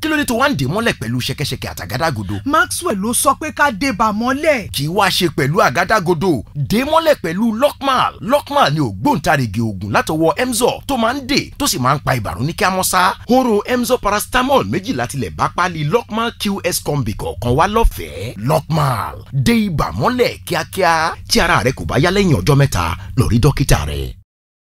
kí ló dé tó wá ń dè mọ́lẹ̀ pẹ̀lú ṣẹ̀kẹ̀ṣẹ̀kẹ̀ àtàgádágodo. Maxwell ló sọ pé ká dé bà mọ́lẹ̀. kì í wá ṣe pẹ̀lú àgádágodo dè mọ́lẹ̀ pẹ̀lú lockmal lockmal ni ògbóǹtarìgì oògùn látọwọ́ emzor tó máa ń dè tó sì máa ń pa ìbàrún ní kíámọ́sá. hóró emzor paracetamol méjìlá tilẹ̀ bá pálí lockmal qs combi kọ̀ọ̀kan wá lọ́fẹ̀ẹ́ lockmal dè ibà mọ́lẹ̀ kíákíá tí ara rẹ kò bá yá lẹ́yìn ọjọ́ mẹ́ta lọ rí dókítà rẹ.